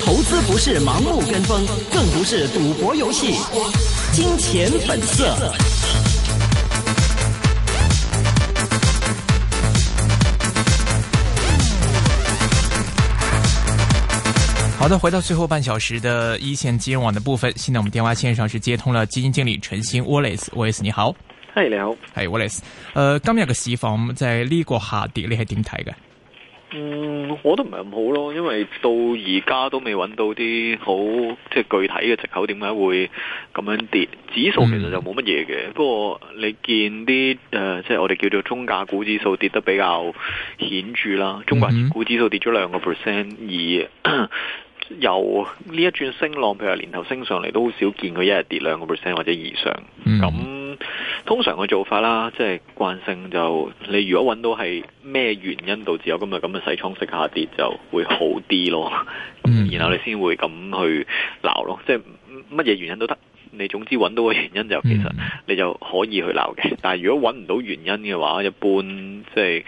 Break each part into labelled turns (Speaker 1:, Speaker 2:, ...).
Speaker 1: 投資不是盲目跟風，更不是賭博遊戲，金錢本色。好的，回到最後半小時的一線金融網的部分。現在我們電話線上是接通了基金經理陳昕。Wallace，Wallace，你好，嗨，你好，係 user Wallace windows 了。呃，今日嘅市況在呢個下跌，你係點睇嘅？
Speaker 2: 嗯，我都唔係咁好咯，因為到而家都未揾到啲好即係具體嘅借口，點解會咁樣跌？指數其實就冇乜嘢嘅，嗯、不過你見啲誒、呃，即係我哋叫做中價股指數跌得比較顯著啦。中價股指數跌咗兩個 percent，而由呢一轉升浪，譬如話年頭升上嚟都好少見佢一日跌兩個 percent 或者以上。咁、嗯通常嘅做法啦，即係慣性就你如果搵到係咩原因導致有今日咁嘅洗倉式下跌，就會好啲咯。然後你先會咁去鬧咯，即係乜嘢原因都得。你總之搵到個原因就其實你就可以去鬧嘅。但係如果搵唔到原因嘅話，一般即係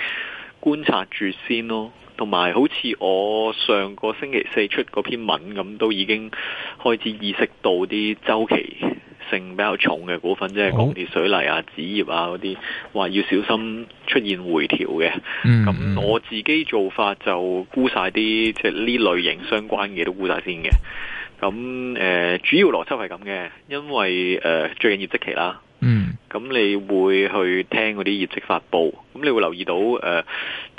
Speaker 2: 觀察住先咯。同埋好似我上個星期四出嗰篇文咁，都已經開始意識到啲周期。性比較重嘅股份，即係鋼鐵、水泥啊、紙業啊嗰啲，話要小心出現回調嘅。咁、嗯嗯、我自己做法就沽晒啲，即係呢類型相關嘅都沽晒先嘅。咁誒、呃，主要邏輯係咁嘅，因為誒、呃、最近業績期啦，嗯，咁你會去聽嗰啲業績發布，咁你會留意到誒。呃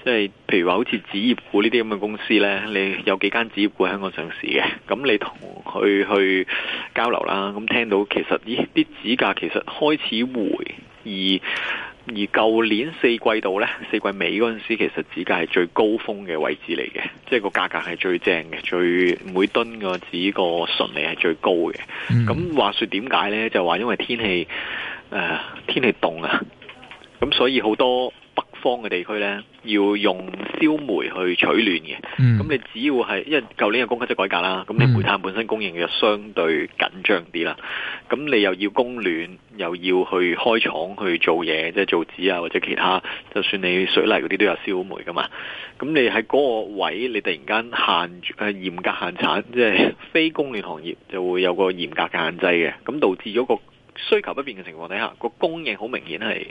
Speaker 2: 即係譬如話，好似紙業股呢啲咁嘅公司呢，你有幾間紙業股喺香港上市嘅？咁你同佢去交流啦。咁聽到其實呢啲紙價其實開始回，而而舊年四季度呢，四季尾嗰陣時其實紙價係最高峰嘅位置嚟嘅，即係個價格係最正嘅，最每噸個紙個純利係最高嘅。咁、mm. 話説點解呢？就話因為天氣、呃、天氣凍啊，咁所以好多。地方嘅地區呢，要用燒煤去取暖嘅。咁、嗯、你只要係，因為舊年嘅供給側改革啦，咁、嗯、你煤炭本身供應就相對緊張啲啦。咁你又要供暖，又要去開廠去做嘢，即係造紙啊或者其他，就算你水泥嗰啲都有燒煤㗎嘛。咁你喺嗰個位，你突然間限住、啊，嚴格限產，即、就、係、是、非供暖行業就會有個嚴格限制嘅。咁導致咗個需求不變嘅情況底下，個供應好明顯係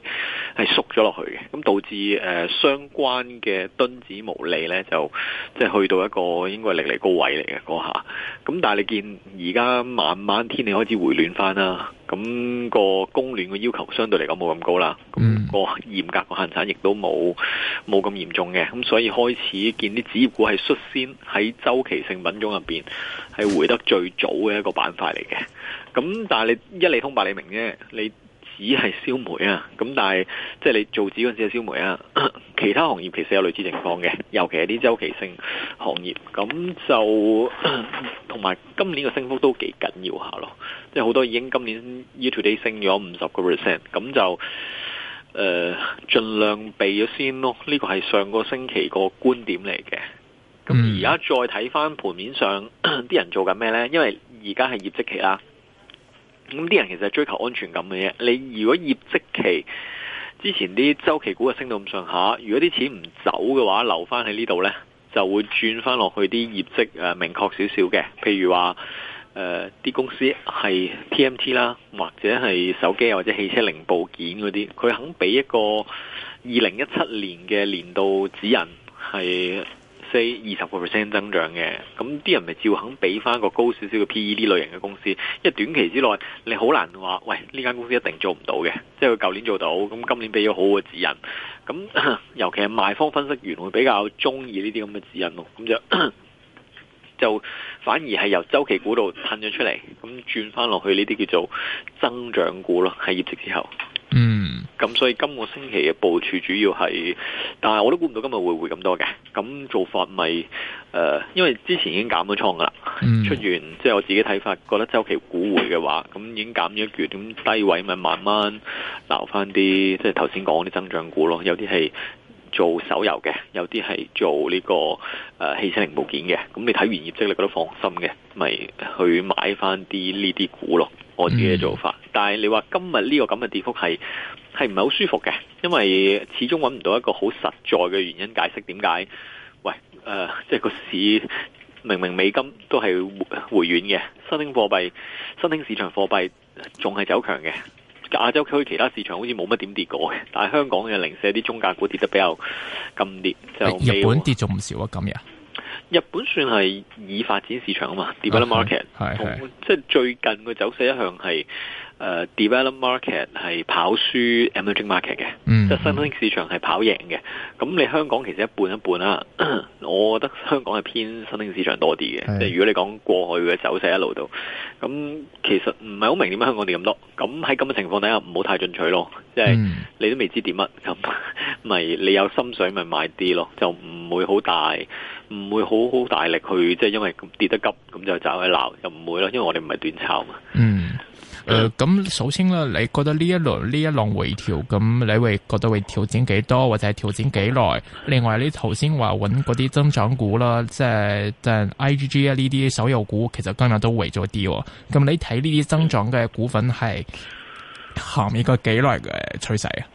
Speaker 2: 係縮咗落去嘅，咁導致誒、呃、相關嘅噸子毛利咧，就即係去到一個應該係歷嚟高位嚟嘅嗰下。咁但係你見而家慢慢天氣開始回暖翻啦，咁、個供暖嘅要求相對嚟講冇咁高啦，個嚴格個限產亦都冇冇咁嚴重嘅。咁所以開始見啲紙業股係率先喺周期性品種入邊係回得最早嘅一個板塊嚟嘅。咁但係你一理通百理，明啫，你。只係消煤啊！咁但係即係你做紙嗰陣時係消梅啊，其他行業其實有類似情況嘅，尤其係啲周期性行業。咁就同埋今年嘅升幅都幾緊要下咯，即係好多已經今年 y o u two day 升咗五十個 percent。咁就誒盡、呃、量避咗先咯。呢個係上個星期個觀點嚟嘅。咁而家再睇翻盤面上啲人做緊咩呢？因為而家係業績期啦。咁啲、嗯、人其實追求安全感嘅嘢，你如果業績期之前啲週期股啊升到咁上下，如果啲錢唔走嘅話，留翻喺呢度呢，就會轉翻落去啲業績誒、呃、明確少少嘅，譬如話誒啲公司係 TMT 啦，或者係手機或者汽車零部件嗰啲，佢肯俾一個二零一七年嘅年度指引係。即二十個 percent 增長嘅，咁啲人咪照肯俾翻個高少少嘅 P E 呢類型嘅公司，因為短期之內你好難話，喂，呢間公司一定做唔到嘅，即係佢舊年做到，咁今年俾咗好嘅指引，咁尤其係賣方分析員會比較中意呢啲咁嘅指引咯，咁就 就反而係由周期股度褪咗出嚟，咁轉翻落去呢啲叫做增長股咯，喺業績之後，嗯。咁所以今個星期嘅部署主要係，但係我都估唔到今日會會咁多嘅。咁做法咪、就是，誒、呃，因為之前已經減咗倉噶啦，嗯、出完，即、就、係、是、我自己睇法，覺得周期股回嘅話，咁已經減咗一橛，咁低位咪慢慢撈翻啲，即係頭先講啲增長股咯。有啲係做手遊嘅，有啲係做呢、呢個誒汽車零部件嘅。咁你睇完業績，你覺得放心嘅，咪去買翻啲呢啲股咯。我自己嘅做法。嗯嗯。但係你話今日呢個咁嘅跌幅係係唔係好舒服嘅，因為始終揾唔到一個好實在嘅原因解釋點解。喂，誒、呃，即係個市明明美金都係回回軟嘅，新興貨幣新興市場貨幣仲係走強嘅。亞洲區其他市場好似冇乜點跌過嘅，但係香港嘅零舍啲中價股跌得比較咁跌就。日本
Speaker 1: 跌咗唔少啊，今日。
Speaker 2: 日本算係已發展市場啊嘛，develop market，同即係最近嘅走勢一向係誒、uh, develop market 係跑輸 emerging market 嘅，即係、嗯、新興市場係跑贏嘅。咁、嗯、你香港其實一半一半啦、啊， 我覺得香港係偏新興市場多啲嘅。是 即係如果你講過去嘅走勢一路到，咁其實唔係好明點解香港跌咁多。咁喺咁嘅情況底下，唔好太進取咯。即、就、係、是、你都未知點啊，咁咪、嗯、 你有心水咪買啲咯，就唔會好大。唔會好好大力去，即係因為跌得急，咁就走去鬧，又唔會啦，因為我哋唔係短炒嘛。
Speaker 1: 嗯，誒、呃，咁首先咧，你覺得呢一輪呢一輪回調，咁你會覺得會調整幾多，或者係調整幾耐？另外你，你頭先話搵嗰啲增長股啦，即係即係 I G G 啊呢啲所有股，其實今日都回咗啲。咁你睇呢啲增長嘅股份係行一個幾耐嘅趨勢啊？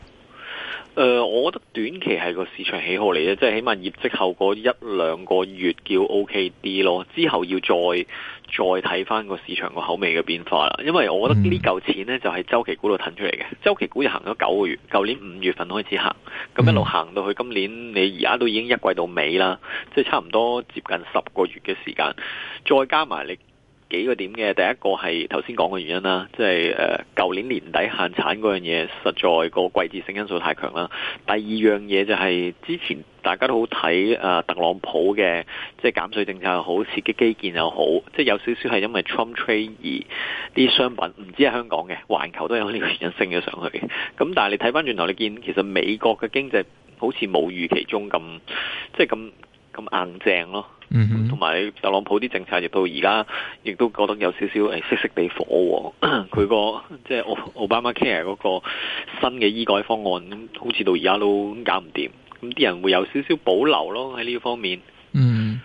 Speaker 2: 誒、呃，我覺得短期係個市場喜好嚟嘅，即係起碼業績後嗰一兩個月叫 OK 啲咯，之後要再再睇返個市場個口味嘅變化啦。因為我覺得呢嚿錢呢就喺、是、週期股度騰出嚟嘅，週期股就行咗九個月，舊年五月份開始行，咁一路行到去今年，你而家都已經一季到尾啦，即係差唔多接近十個月嘅時間，再加埋你。幾個點嘅？第一個係頭先講嘅原因啦，即係誒舊年年底限產嗰樣嘢，實在個季節性因素太強啦。第二樣嘢就係、是、之前大家都好睇、呃、特朗普嘅即係減稅政策又好，刺激基建又好，即、就、係、是、有少少係因為 Trump Trade 而啲商品，唔止係香港嘅，環球都有呢個原因升咗上去嘅。咁但係你睇翻轉頭，你見其實美國嘅經濟好似冇預期中咁，即係咁咁硬正咯。嗯，同埋特朗普啲政策，亦到而家，亦都覺得有少少誒熄熄地火。佢個 即係奧奧巴馬 care 嗰個新嘅醫改方案，好似到而家都搞唔掂。咁啲人會有少少保留咯喺呢方面。
Speaker 1: 嗯。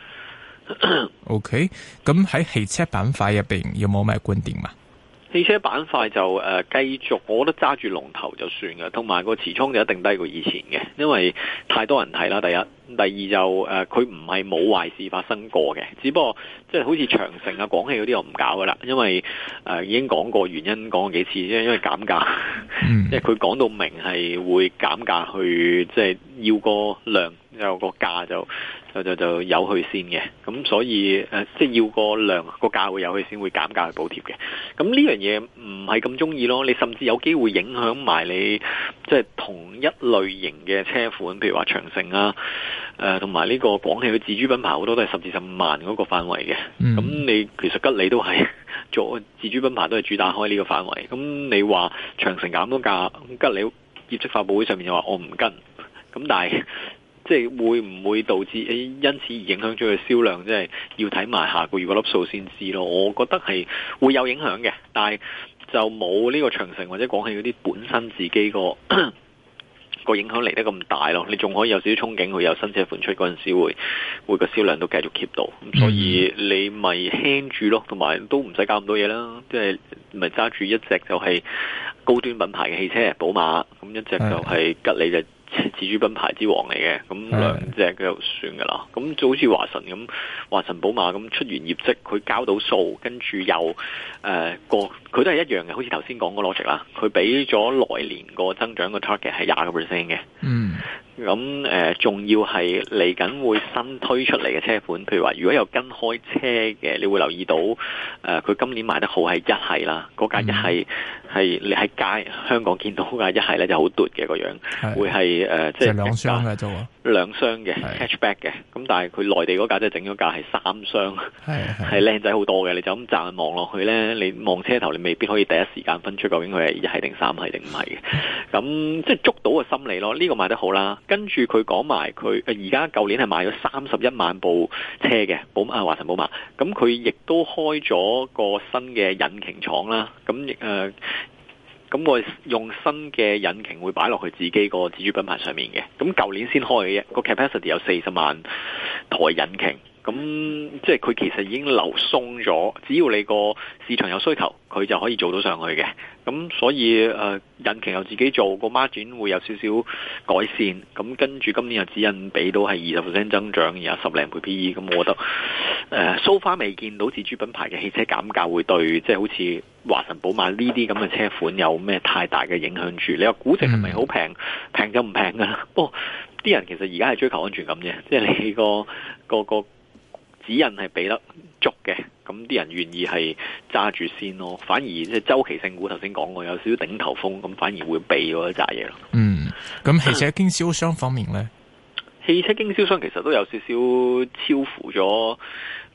Speaker 1: OK，咁喺汽車板塊入邊有冇咩觀點啊？
Speaker 2: 汽車板塊就誒繼、呃、續，我覺得揸住龍頭就算噶，同埋個持倉就一定低過以前嘅，因為太多人睇啦。第一，第二就誒，佢唔係冇壞事發生過嘅，只不過即係、就是、好似長城啊、廣汽嗰啲我唔搞噶啦，因為誒、呃、已經講過原因講過幾次，因為因為減價，即係佢講到明係會減價去，即、就、係、是、要個量有個價就。就就就有去先嘅，咁所以誒、呃，即係要個量個價會有去先會減價去補貼嘅。咁呢樣嘢唔係咁鍾意咯。你甚至有機會影響埋你即係同一類型嘅車款，譬如話長城啊，誒同埋呢個廣汽嘅自主品牌好多都係十至十五萬嗰個範圍嘅。咁、嗯、你其實吉利都係做自主品牌，都係主打開呢個範圍。咁你話長城減咗價，吉利業績發佈會上面又話我唔跟。咁但係。即係會唔會導致、哎，因此而影響咗佢銷量，即係要睇埋下個月嗰粒數先知咯。我覺得係會有影響嘅，但係就冇呢個長城或者廣汽嗰啲本身自己個個影響嚟得咁大咯。你仲可以有少少憧憬，佢有新車款出嗰陣時，會會個銷量都繼續 keep 到。所以你咪 hang 住咯，同埋都唔使搞咁多嘢啦。即係咪揸住一隻就係高端品牌嘅汽車，寶馬咁一隻就係吉利嘅，自主品牌之王嚟嘅，咁兩隻佢就算噶啦，咁就好似華晨咁，華晨寶馬咁出完業績，佢交到數，跟住又誒、呃、個，佢都係一樣嘅，好似頭先講個 logic 啦，佢俾咗來年個增長個 target 係廿個 percent 嘅。嗯。咁誒，仲、嗯、要係嚟緊會新推出嚟嘅車款，譬如話，如果有跟開車嘅，你會留意到，誒、呃，佢今年賣得好係一系啦，嗰架一系係、嗯、你喺街香港見到嘅一系咧就好奪嘅個樣，是會係誒，即、呃、係兩
Speaker 1: 箱嘅啫家
Speaker 2: 兩箱嘅 hatchback 嘅，咁是但係佢內地嗰架即係整咗架係三箱，係靚仔好多嘅。你就咁擲望落去呢，你望車頭你未必可以第一時間分出究竟佢係一係定三係定唔係嘅。咁 即係捉到個心理咯。呢、這個賣得好啦。跟住佢講埋佢，而家舊年係賣咗三十一萬部車嘅寶馬華晨寶馬。咁佢亦都開咗個新嘅引擎廠啦。咁、嗯、誒。呃咁、嗯、我用新嘅引擎會擺落去自己個自主品牌上面嘅。咁、嗯、舊年先開嘅啫，個 capacity 有四十萬台引擎。咁、嗯、即係佢其實已經流鬆咗，只要你個市場有需求，佢就可以做到上去嘅。咁、嗯、所以誒、呃，引擎又自己做個 margin 會有少少改善。咁跟住今年又指引俾到係二十 percent 增長，然後十零倍 PE，咁、嗯、我覺得誒，so、呃、far、so、未見到自主品牌嘅汽車減價會對即係好似華晨、寶馬呢啲咁嘅車款有咩太大嘅影響住。你話估值係咪好平？平、嗯、就唔平㗎喇。不過啲人其實而家係追求安全感啫，即係你個個個。個個個個個指引係俾得足嘅，咁啲人願意係揸住先咯。反而即係週期性股，頭先講過有少少頂頭風，咁反而會避一扎嘢咯。嗯，
Speaker 1: 咁汽車經銷商方面呢、嗯，汽車
Speaker 2: 經銷商其實都有少少超乎咗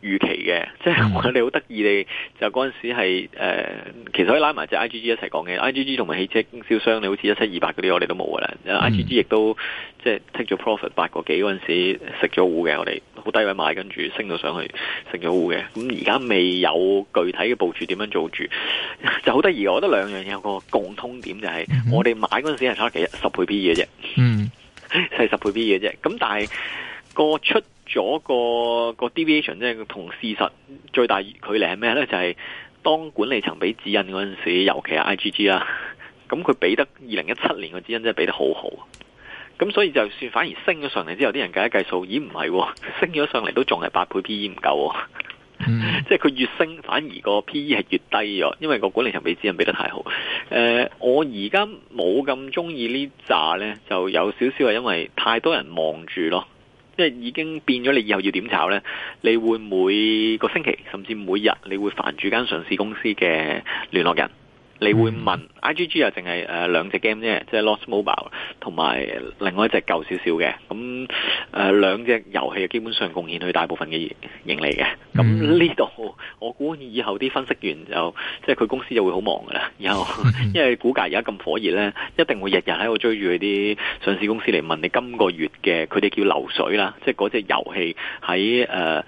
Speaker 2: 預期嘅，即係、嗯、我哋好得意你就嗰陣時係、呃、其實可以拉埋隻 I G G 一齊講嘅，I G G 同埋汽車經銷商，你好似一七二八嗰啲我哋都冇嘅啦，I G G 亦都即係 take 咗 profit 八個幾嗰陣時食咗糊嘅我哋。好低位買，跟住升到上去，成咗好嘅。咁而家未有具體嘅部署點樣做住就好得意。我覺得兩樣嘢有個共通點、就是，就係、mm hmm. 我哋買嗰陣時係差幾十倍 B 嘅啫。嗯、mm，係、hmm. 十倍 B 嘅啫。咁但係、那個出咗個個 deviation 即係同事實最大距離係咩咧？就係、是、當管理層俾指引嗰陣時，尤其係 IGG 啦，咁佢俾得二零一七年個指引真係俾得好好。.咁所以就算反而升咗上嚟之後啲人計一計數，咦，唔係喎，升咗上嚟都仲係八倍 P E 唔夠喎、哦， 即係佢越升反而個 P E 係越低咗，因為個管理層俾指引俾得太好。誒、呃，我而家冇咁中意呢揸咧，就有少少係因為太多人望住咯，即係已經變咗你以後要點炒咧？你會每個星期甚至每日，你會煩住間上市公司嘅聯絡人。你會問 IGG 淨係誒兩隻 game 啫，即係 Lost Mobile 同埋另外一隻舊少少嘅，咁誒、呃、兩隻遊戲基本上貢獻佢大部分嘅盈利嘅。咁呢度我估以後啲分析員就即係佢公司就會好忙㗎喇，以後因為估價而家咁火熱咧，一定會日日喺度追住啲上市公司嚟問你今個月嘅佢哋叫流水啦，即係嗰隻遊戲喺誒。呃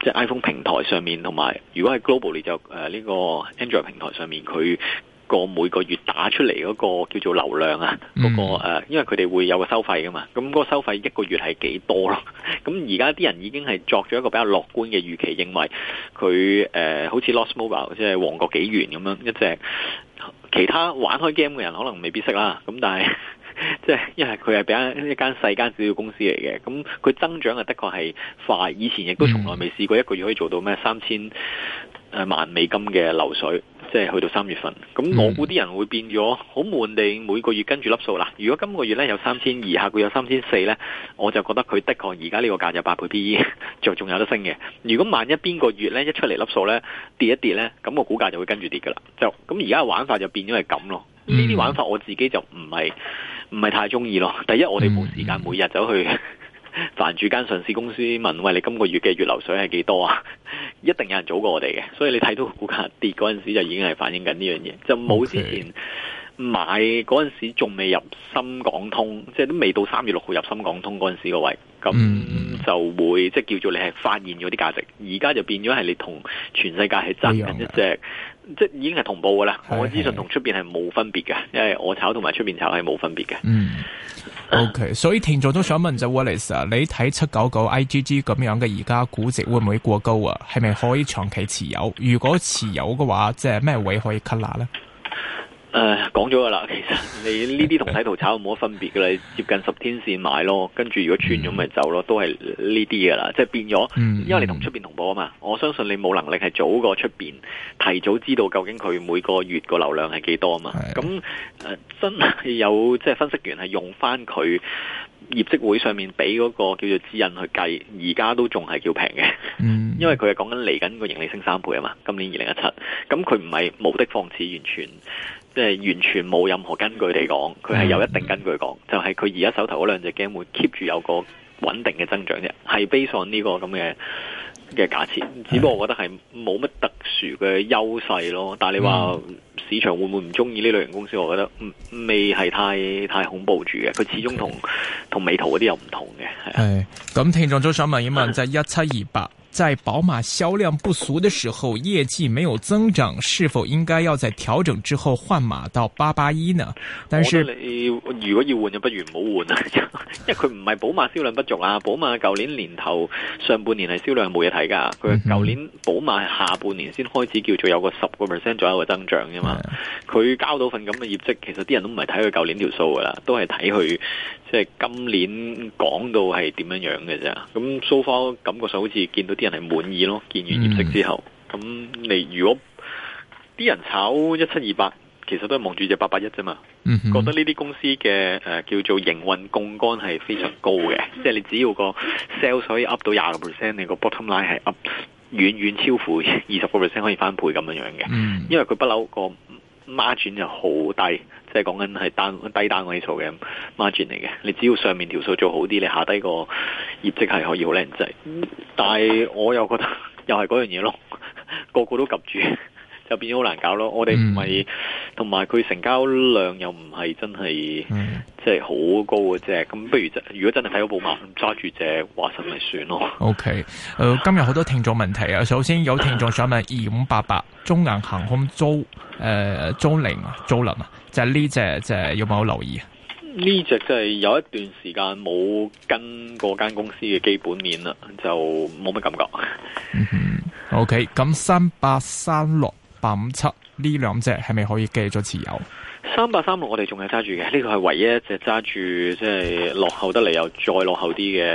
Speaker 2: 即係 iPhone 平台上面，同埋如果係 global 你就誒呢、呃這個 Android 平台上面，佢個每個月打出嚟嗰個叫做流量啊，嗰、那個誒、呃，因為佢哋會有個收費噶嘛，咁、那、嗰個收費一個月係幾多咯？咁而家啲人已經係作咗一個比較樂觀嘅預期，認為佢誒、呃、好似 Lords Mobile 即係王國紀元咁樣一隻其他玩開 game 嘅人可能未必識啦，咁但係。 即係，因為佢係俾一一間細間小小公司嚟嘅，咁佢增長嘅的確係快。以前亦都從來未試過一個月可以做到咩三千誒萬美金嘅流水，即係去到三月份。咁我估啲人會變咗好悶地，每個月跟住粒數啦。如果今個月呢有三千二，下個月有三千四呢，我就覺得佢的確而家呢個價就八倍 PE，就仲有得升嘅。如果萬一邊個月呢一出嚟粒數呢跌一跌呢，咁個股價就會跟住跌噶啦。就咁而家嘅玩法就變咗係咁咯。呢啲玩法我自己就唔係。唔係太中意咯。第一，我哋冇時間每日走去煩、嗯、 住間上市公司問，喂，你今個月嘅月流水係幾多啊？ 一定有人早過我哋嘅。所以你睇到股價跌嗰陣時，就已經係反映緊呢樣嘢。就冇之前 Okay. 買嗰陣時，仲未入深港通，即係都未到三月六號入深港通嗰陣時個位，咁就會、嗯、即係叫做你係發現咗啲價值。而家就變咗係你同全世界係爭緊一隻。即已經係同步噶啦，我資訊同出邊係冇分別嘅，因為我炒同埋出邊炒係冇分別嘅。
Speaker 1: 嗯，OK，所以聽眾都想問就 Wallace 啊，你睇七九九 IGG 咁樣嘅而家估值，會唔會過高啊？係咪可以長期持有？如果持有嘅話，即係咩位可以 cut 啦咧？
Speaker 2: 誒，uh, 講咗噶啦，其實你呢啲同睇圖炒冇乜分別噶啦，你接近十天線買咯，跟住如果穿咗咪走咯，mm hmm. 都係呢啲噶啦，即係變咗，因為你同出邊同步啊嘛，我相信你冇能力係早過出邊提早知道究竟佢每個月個流量係幾多啊嘛，咁誒真係有即係分析員係用翻佢業績會上面俾嗰個叫做指引去計，而家都仲係叫平嘅，mm hmm. 因為佢係講緊嚟緊個盈利升三倍啊嘛，今年二零一七，咁佢唔係無的放矢完全。即係完全冇任何根據地講，佢係有一定根據講，就係佢而家手頭嗰兩隻 game 會 keep 住有個穩定嘅增長啫，係 base on 呢個咁嘅嘅價錢。只不過我覺得係冇乜特殊嘅優勢咯。但係你話市場會唔會唔中意呢類型公司？我覺得未係太太恐怖住嘅。佢始終同同美圖嗰啲又唔同嘅。係
Speaker 1: 咁的，聽眾都想問一問，就係一七二八。在寶馬銷量不俗的時候，業績沒有增長，是否應該要在調整之後換馬到881呢？但是
Speaker 2: 如果要換，就不如唔好換啦，因為佢唔係寶馬銷量不足啊，寶馬舊年年頭上半年係銷量冇嘢睇噶，佢舊年寶、嗯、哼馬係下半年先開始叫做有個十個 percent 左右嘅增長噶嘛，佢、嗯、哼交到份咁嘅業績，其實啲人都唔係睇佢舊年條數噶啦，都係睇佢。即係今年講到係點樣樣嘅啫，咁 so far 感覺上好似見到啲人係滿意咯，見完業績之後，咁、mm hmm. 你如果啲人炒一七二八，其實都係望住隻八八一啫嘛，mm hmm. 覺得呢啲公司嘅誒、呃、叫做營運槓桿係非常高嘅，即係你只要個 sales 可以 up 到廿個 percent，你個 bottom line 係 up，遠遠超乎二十個 percent 可以翻倍咁樣樣嘅，mm hmm. 因為佢不嬲個。Margin 就好低，即係講緊係單低單位數嘅 margin 嚟嘅。你只要上面條數做好啲，你下低個業績係可以好靚仔。嗯，但係我又覺得又係嗰樣嘢咯，個個都 𥄫 住。就變咗好難搞咯！我哋唔係，同埋佢成交量又唔係真係即係好高嘅啫。咁不如，如果真係睇到泡沫，揸住隻話實咪算咯。
Speaker 1: OK，誒、呃、今日好多聽眾問題啊！首先有聽眾想問二五八八中銀航空租誒、呃、租賃啊租賃啊，就呢隻即係有冇留意？
Speaker 2: 呢隻即係有一段時間冇跟嗰間公司嘅基本面啦，就冇乜感覺。嗯、
Speaker 1: OK，咁三八三六，八五七呢兩隻係咪可以繼續持、這個、持有？
Speaker 2: 三八三六我哋仲係揸住嘅，呢個係唯一一隻揸住即係落後得嚟又再落後啲嘅，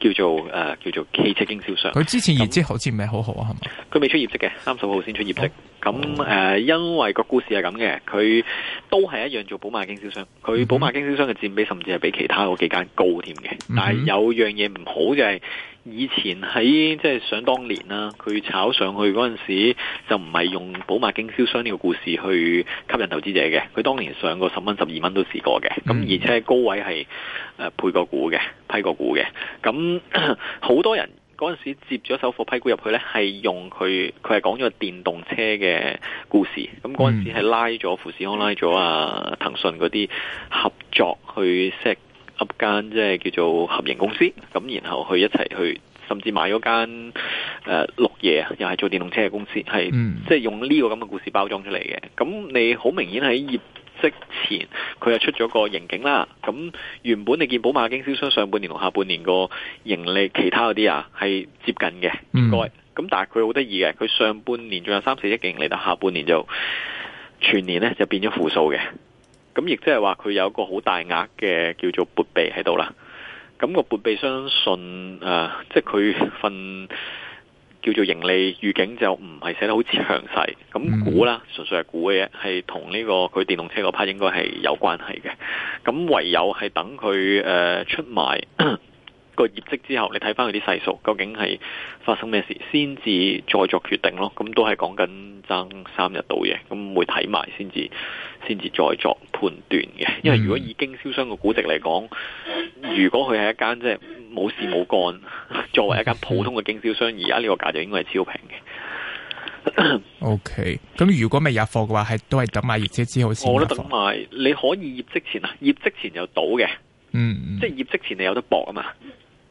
Speaker 2: 叫做誒、呃、叫做汽車、呃、經銷商。佢
Speaker 1: 之前業績好似唔係好好啊，係嘛、嗯？
Speaker 2: 佢未出業績嘅，三十號先出業績。咁誒、呃，因為個故事係咁嘅，佢都係一樣做寶馬經銷商，佢寶馬經銷商嘅佔比甚至係比其他嗰幾間高添嘅。但係有樣嘢唔好就係以前喺即係想當年啦、啊，佢炒上去嗰陣時就唔係用寶馬經銷商呢個故事去吸引投資者嘅。佢當年上過十蚊、十二蚊都試過嘅，咁、嗯、而且高位係誒配個股嘅、批個股嘅，咁好 多人。嗰陣時接咗首貨批股入去呢，係用佢，佢係講咗個電動車嘅故事。咁嗰陣時係拉咗富、嗯、士康拉、拉咗啊騰訊嗰啲合作去 set up 間即係叫做合營公司。咁然後去一齊去，甚至買咗間誒綠、呃、野啊，又係做電動車嘅公司，係、嗯、即係用呢個咁嘅故事包裝出嚟嘅。咁你好明顯喺業。即前佢又出咗個盈警啦，咁原本你見寶馬經銷商上半年同下半年個盈、嗯、盈利，其他嗰啲啊係接近嘅，唔該。咁但係佢好得意嘅，佢上半年仲有三四億嘅盈利，但下半年就全年呢就變咗負數嘅。咁亦即係話佢有一個好大額嘅叫做撥備喺度啦。咁，那個撥備相信誒、呃，即係佢份。叫做盈利預警就唔係寫得好詳細。咁估啦，純粹係估嘅，係同呢個佢電動車 part 應該係有關係嘅，咁唯有係等佢誒、呃、出埋。個業績之後，你睇翻佢啲細數，究竟係發生咩事，先至再作決定咯。咁都係講緊爭三日到嘢，咁會睇埋先至，先至再作判斷嘅。因為如果以經銷商個估值嚟講，如果佢係一間即係冇事冇干，作為一間普通嘅經銷商，而家呢個價就應該係超平嘅。
Speaker 1: OK，咁如果未入貨嘅話，係都係等埋業績之後先入貨。我都等
Speaker 2: 埋，你可以業績前啊，業績前就到嘅，嗯，嗯，即係業績前你有得搏啊嘛。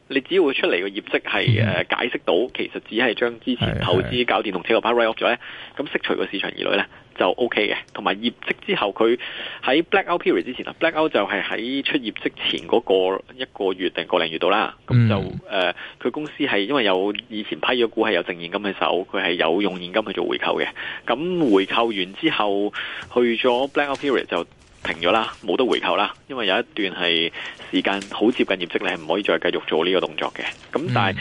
Speaker 2: 你只要出嚟嘅業績係誒、嗯、解釋到，其實只係將之前投資搞電動車個牌 write off 咗咧，咁釋是除個市場疑慮咧就 O K 嘅。同埋業績之後佢喺 Blackout period 之前啊，Blackout 就係喺出業績前嗰個一個月定個零月度啦。咁、嗯、就誒，佢、呃、公司係因為有以前批咗股係有剩現金嘅手，佢係有用現金去做回購嘅。咁回購完之後去咗 Blackout period 就。停咗啦，冇得回購啦，因為有一段係時間好接近業績，你係唔可以再繼續做呢個動作嘅。咁但係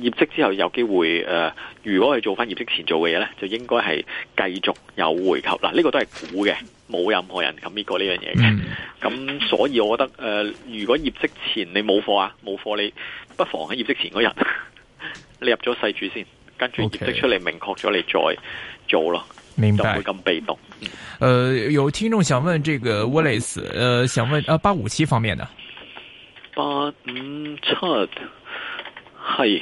Speaker 2: 業績之後有機會誒、呃，如果係做翻業績前做嘅嘢呢，就應該係繼續有回購。嗱、這個，呢個都係估嘅，冇任何人 commit 過，呢個呢樣嘢嘅。咁 所以我覺得誒、呃，如果業績前你冇貨啊，冇貨你不妨喺業績前嗰日， 你入咗細注先，跟住業績出嚟明確咗，你再做咯。明白。咁被動。
Speaker 1: 呃，有聽眾想問這個 Wallace，呃，想問啊、呃、八五七方面的。
Speaker 2: 八五、嗯、七係，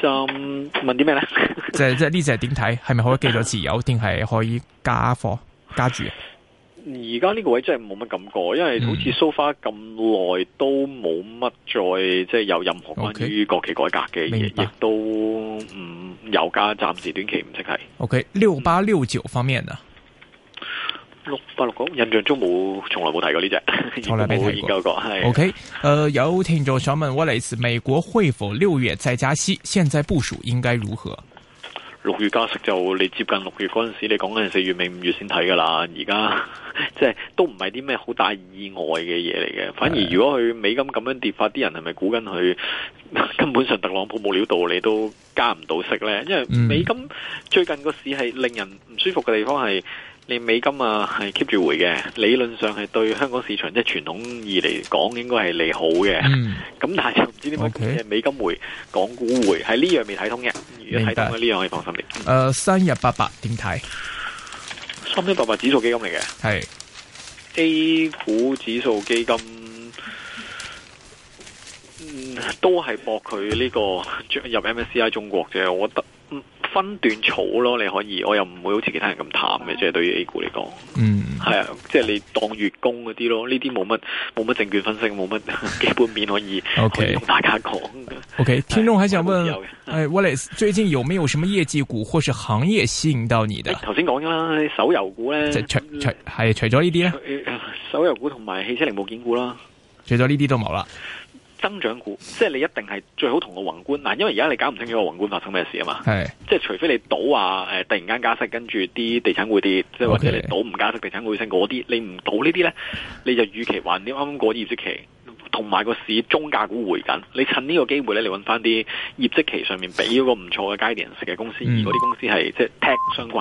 Speaker 2: 就、嗯、問啲咩咧？
Speaker 1: 即係即係呢隻點睇？係咪可以繼續持有？定係可以加貨加住？
Speaker 2: 而家呢個位真係冇乜感覺，因為好似 so far 咁耐都冇乜再即係有任何關於國企改革嘅嘢，亦 Okay. 都唔有加暫時短期唔
Speaker 1: 識係。O K 六八六九方面呢？
Speaker 2: 六八六九印象中冇，從來冇提過呢、這、隻、個，從來冇 研究過。O K，
Speaker 1: 呃有聽眾想問，Wallace，美國會否六月再加息？現在部署應該如何？
Speaker 2: 六月加息就你接近六月嗰陣時，你講緊四月尾五月先睇噶啦。而家 即係都唔係啲咩好大意外嘅嘢嚟嘅，的反而如果佢美金咁樣跌法，啲人係咪估緊佢根本上特朗普冇料到，你都加唔到息呢？因為美金最近個市係令人唔舒服嘅地方係。你美金啊，係 keep 住回嘅，理論上係對香港市場即係傳統意嚟講，應該係利好嘅。咁、嗯、但係就唔知點解今日美金回，港股回，係呢樣未睇通嘅。如果明白。睇通呢樣可以放心啲。誒、嗯，
Speaker 1: 三一八八點睇？
Speaker 2: 三一八八指數基金嚟嘅，係是 A 股指數基金，嗯、都係博佢呢個入 MSCI 中國啫，我覺得。分段炒咯，你可以，我又唔會好似其他人咁淡嘅。即係對於 A 股嚟講，嗯，係啊，即係你當月供嗰啲咯，呢啲冇乜冇乜證券分析，冇乜基本面可以，OK，同 大
Speaker 1: 家講，OK，, okay. okay. 聽眾還想問，誒，Wallace 最近有沒有什麼業績股或是行業吸引到你的？
Speaker 2: 頭先講咗啦，手遊股咧，除除
Speaker 1: 係除咗呢啲
Speaker 2: 咧，手遊股同埋汽車零部件股啦，
Speaker 1: 除咗呢啲都冇啦。
Speaker 2: 增長股，即係你一定係最好同個宏觀，嗱，因為而家你搞唔清楚個宏觀發生咩事啊嘛，係是，即係除非你賭啊，誒、呃，突然間加息，跟住啲地產會跌，即係或者你賭唔加息，地產會升，嗰啲你唔賭呢啲咧，你就預期還啲啱啱啲業績期，同埋個市中價股回緊，你趁呢個機會咧，你揾翻啲業績期上面俾個唔錯嘅 guidance 嘅公司，嗯、而嗰啲公司係即係 tag 相關。